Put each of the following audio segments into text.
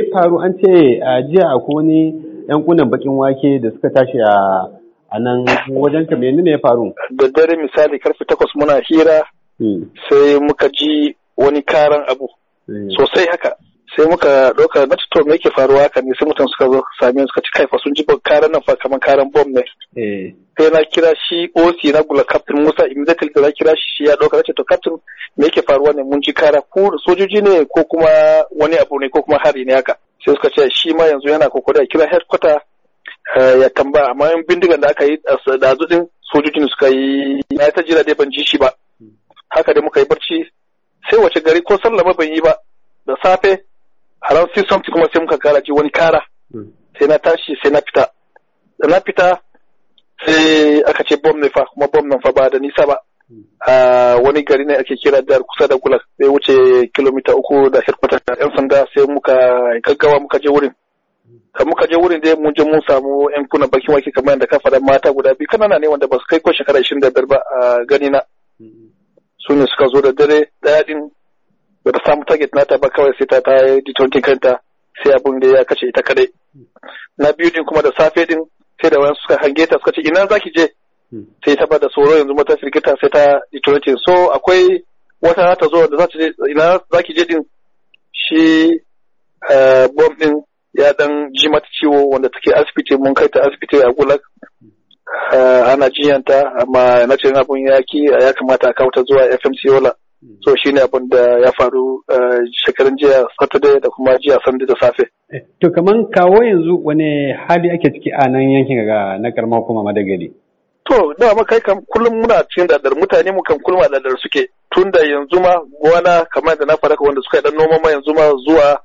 ya faru an ce a jiya akwai wani yan kunan bakin wake da suka tashi a a nan wajen ka menene ya faru da dare misali karfe takwas muna hira hmm. sai muka ji wani karan abu hmm. sosai haka sai muka ɗauka na tuto me yake faruwa haka ne sai mutum suka zo same suka ci kaifa sun ji karan nan fa kamar karan bom ne eh. sai na kira shi osi na gula captain Musa immediately da na kira shi ya ɗauka na ce to captain me yake faruwa ne mun ji kara ku sojoji ne ko kuma wani abu ne ko kuma hari ne haka sai suka ce shi ma yanzu yana kokari a kira headquarter eh, ya tambaya amma yan bindigan da aka yi da din sojojin suka yi na ta jira dai ban ji shi ba haka da muka yi barci sai wace gari ko sallama ban yi ba da safe haram sun something kuma sai muka kara ji wani kara hmm. sai na tashi sai na fita da na fita sai aka ce bom ne fa kuma bom nan fa ba da nisa ba a wani gari ne ake kira da kusa da gulag zai wuce kilomita uku da shirkwata yan sanda sai muka gaggawa muka je wurin da muka je wurin dai mun je mun samu yan kuna bakin wake kamar yadda ka faɗa mata guda biyu kanana ne wanda ba su kai ko shekara ishirin da biyar ba a gani na su ne suka zo da dare ɗaya din ba ta samu target nata ba kawai sai ta ta yi kanta sai abun da ya kace ita kadai na biyu din kuma da safe din sai da wani suka hange ta suka ce ina zaki je sai ta bada tsoro yanzu mata firgita sai ta ce so akwai wata ta zo da za ki je din shi eh, bom din ya dan ji mata ciwo wanda take asibiti mun kai ta asibiti a gulag eh, ana jiyanta amma na ce abun ya ki ya kamata a kawo ta zuwa FMC Yola so shine abin da ya faru eh, shekarun jiya Saturday da kuma jiya Sunday da safe to kaman kawo yanzu wani hali ake ciki a nan yankin ga na karma kuma madagari To, dama kai kam kullum muna cikin dadar mutane mu kan kullum a dadar suke tun da yanzu ma gona kamar da na faɗa wanda suka yi dan noma ma yanzu ma zuwa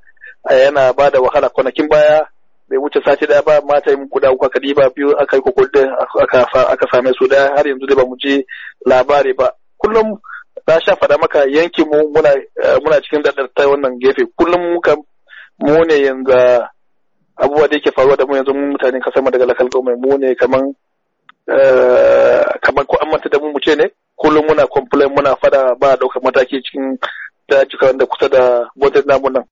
yana ba da wahala kwanakin baya bai wuce sati daya ba mata yi guda uku aka ba biyu aka yi kokodin aka same su daya har yanzu dai ba mu ji labari ba kullum na sha faɗa maka yankin mu muna eh, cikin dadar ta wannan gefe kullum muka mu ne yanzu abubuwa da yake faruwa da mu yanzu mutane kasar daga lakal goma mu ne kamar. Eh, kamar ko an manta da mu ce ne kullum muna complain muna fada ba daukar mataki cikin dajukan da kusa da bodin namu nan